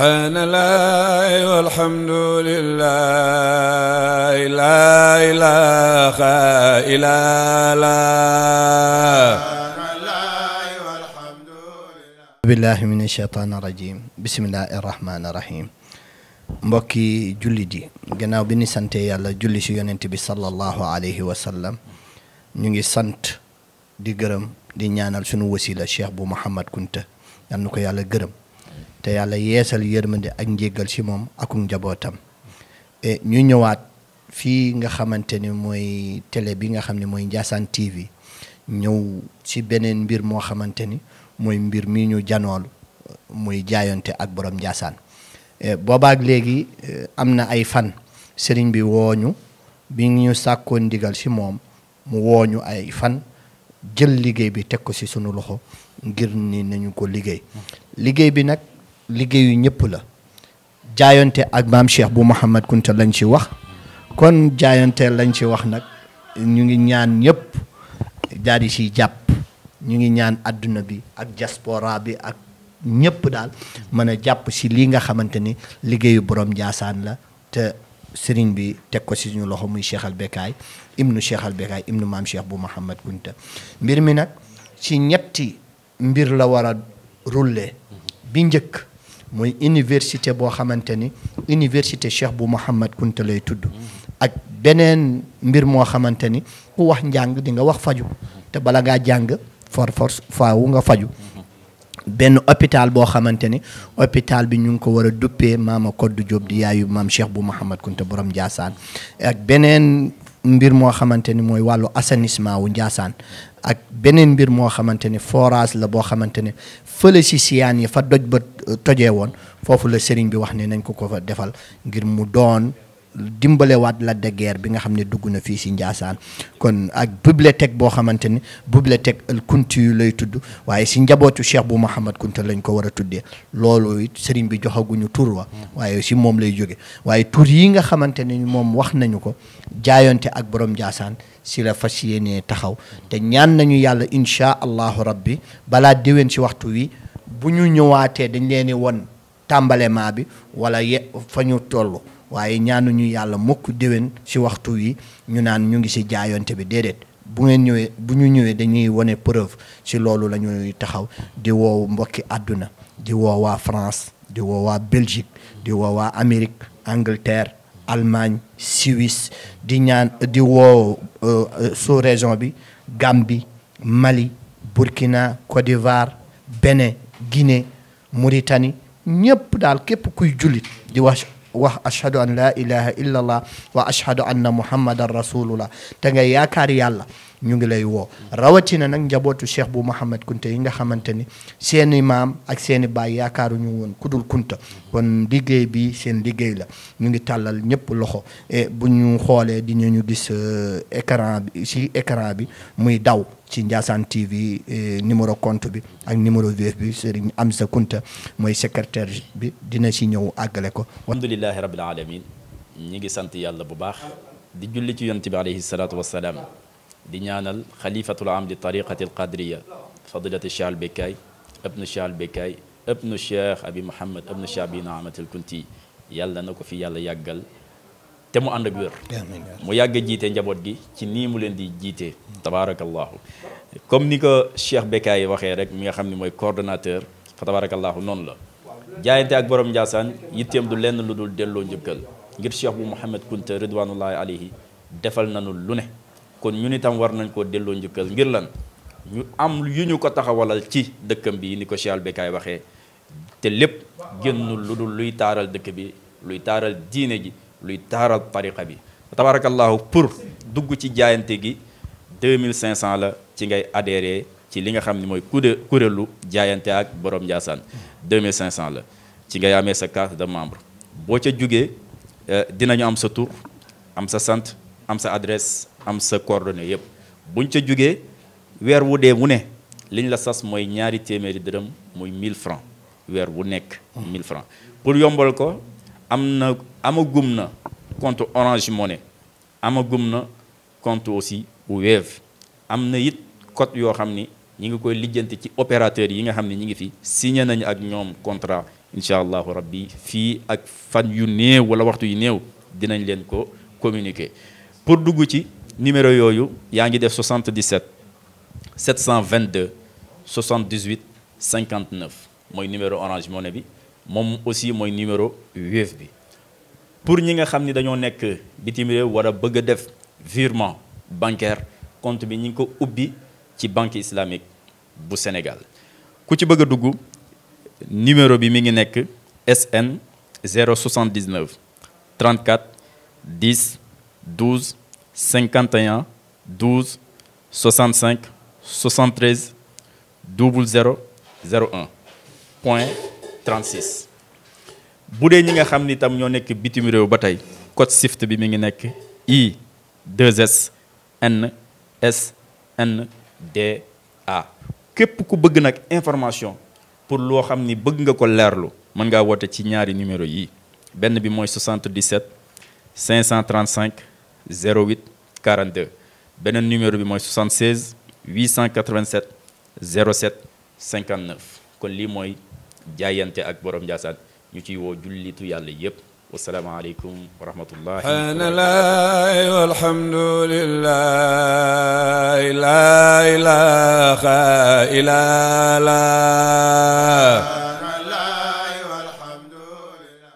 subhanallah walhamdulillah la ilaha illallah billahi min ashaytaan rajim bismillahi rahmaani rahim mbokki jullit yi gannaaw bi ñu sante yàlla julli ci yonent bi sallallahu alayhi wa sallam ñu ngi sant di gërëm di ñaanal sunu wasila cheikh bu Mouhamad Kunta yal na ko yàlla gërëm te yàlla yeesal yërmande ak njégal ci moom akum njabootam ñu ñëwaat fii nga xamante ni mooy télé bi nga xam ne mooy Ndiassane TV ñëw ci beneen mbir moo xamante ni mooy mbir mi ñu janool muy jaayonte ak boroom Ndiassane boobaak léegi eh, am na ay fan sëriñ bi wooñu bi ñu sàkkoon ndigal ci moom mu wooñu ay fan jël liggéey bi teg ko ci sunu loxo ngir ni nañu ko liggéey mm. liggéey bi nag liggéeyu ñëpp la jaayante ak maam Cheikh bu Mouhamad Kunta lañ ci wax kon jaayante lañ ci wax nag ñu ngi ñaan ñëpp daal di ciy jàpp ñu ngi ñaan àdduna bi ak diaspora bi ak ñëpp daal mën a jàpp ci lii nga xamante ni liggéeyu borom Ndiassane la te sëriñ bi teg ko ci suñu loxo muy Cheikh al Bekaay ibnu Cheikh al Bekaay ibnu maam Cheikh bu Mouhamad Kunta mbir mi nag ci ñetti mbir la war a rulle bi njëkk. muy université boo xamante ni université Cheikh bu Mouhamad Kunta lay tudd ak beneen mbir moo xamante ni ku wax njàng di nga wax faju te bala ngaa jàng for force faawu nga faju benn hôpital boo xamante ni hôpital bi ñu ngi ko war a duppee maama Koddu Diop di yaayu maam Cheikh bu Mouhamad Kunta borom Ndiassane ak beneen mbir moo xamante ni mooy wàllu assainissement wu Ndiassane ak beneen mbir moo xamante ni forage la boo xamante ne fële si siyaan yi fa doj ba euh, tojee woon foofu la sëriñ bi wax nee nañ ko ko defal ngir mu doon dimbalewaat Lac de bi nga xam ne dugg na fii si Ndiassane kon ak bibliothèque boo xamante ni bibliothèque El Kounti lay tudd waaye si njabootu Cheikh bu Mouhamad Kounta lañ ko war a tuddee loolu it sëriñ bi joxaguñu tur wa waaye si moom lay jóge waaye tur yi nga xamante ni moom wax nañu ko jaayonte ak borom Ndiassane si la fas yéenee taxaw te ñaan nañu yàlla inchaa allahu rabbi balaa déwén si waxtu wi bu ñu ñëwaatee dañ leen di won tàmbalema bi wala ye fa ñu toll waaye ñaanuñu yàlla mukk déwén si waxtu yi ñu naan ñu ngi ci jaayonte bi déedéet bu ngeen ñëwee bu ñu ñëwee dañuy wane preuve ci loolu la ñuy taxaw di woow mbokki àdduna di woowaa France di woo waa Belgique di woo waa Amérique Angleterre Allemagne siwis di ñaan di woo euh, euh, sous région bi Gambie Mali Burkina Côte d'Ivoire Bénin Guinée Mauritanie ñëpp daal képp kuy julit di wax wax ashhadu an la ilaha illallah wa ashhadu anna muhammadan rasulullah te nga yaakaar yàlla ñu ngi lay woo rawatina nag njabootu cheikh bu Mouhamed Kunta yi nga xamante ni seen maam ak seen i baay yaakaaruñu woon kudul Kunta kon liggéey bi seen liggéey la ñu ngi tàllal ñëpp loxo e bu ñu xoolee dinañu ñu e, écran bi si bi muy daw ci Ndiassane TV e, numéro compte bi ak numéro VF bi Serigne Amsa Kunta mooy secrétaire bi dina si ñëw àggale ko. alhamdulilahi rabbil alamin ñu ngi sant yàlla bu baax di julli ci yonent bi alayhi salaatu wa salaam di ñaanal xalifatul am di tariqati al qadriya fadilati cheikh al bekkaay ibnu cheikh al bekkaay ibnu cheikh abi muhammad ibnu cheikh abi naamat al kunti yàlla na ko fi yàlla yàggal te mu ànd ak wér mu yàgg a jiite njaboot gi ci nii mu leen di jiite tabaarakallahu comme ni ko cheikh bekkaay waxee rek mi nga xam ne mooy coordonnateur fa tabaarakallahu noonu la jaayante ak borom Ndiassane yitteem du lenn lu dul delloo njëkkal ngir cheikh bu muhammad kunta ridwanullahi alayhi defal nanu lu ne kon ñu ñun itam war nañ koo delloo njukkal ngir lan ñu am yu ñu ko taxawalal ci dëkkam bi ni ko Cheikh Albekaay waxee te lépp génnul lu dul luy taaral dëkk bi luy taaral diine ji luy taaral tariqa bi tabarakallahu pour dugg ci jaayante gi 2500 la ci ngay adhéré ci li nga xam ni mooy kude kuréelu jaayante ak borom Ndiassane 2500 la ci ngay amee sa carte de membre boo ca jugee euh, dinañu am sa tur am sa sant am sa adresse am sa coordonnées yëpp buñ ca jugee weer wu dee wu ne liñ la sas mooy ñaari téeméeri dërëm muy mille francs weer wu nekk mille francs pour yombal ko am na amagum na compte Orange Money amagum na compte aussi Wave am na it code yoo xam ni ñi ngi koy lijjanti ci opérateurs yi nga xam ne ñi ngi fi signe nañu ak ñoom contrat incha allahu rabbi fii ak fan yu néew wala waxtu yu néew dinañ leen ko communiquer pour dugg ci numéro yooyu yaa ngi def 77 722 78 59 mooy numéro Orange Money bi moom aussi mooy numéro Wave bi pour ñi nga xam ni dañoo nekk bitim réew war a bëgg a def virement bancaire compte bi ñi ngi ko ubbi ci banque islamique bu Sénégal ku ci bëgg a dugg numéro bi mi ngi nekk SN 079 34 10 12 51 12 65 73 00 01 point 36. bu dee ñi nga xam ni tam ñoo nekk bitim réew ba tey code SIFT bi mi ngi nekk I 2S N S N D A. képp ku bëgg nag information pour loo xam ni bëgg nga ko leerlu mën ngaa woote ci ñaari numéro yi benn bi mooy 77 535 08. 42 beneen numéro bi mooy 76 887 07 59 kon lii mooy jaayante ak borom Ndiassane ñu ciy woo jullitu yàlla yépp wasalaamaaleykum wa rahmatullah subhaanallah walhamdulillah la ilaha illallah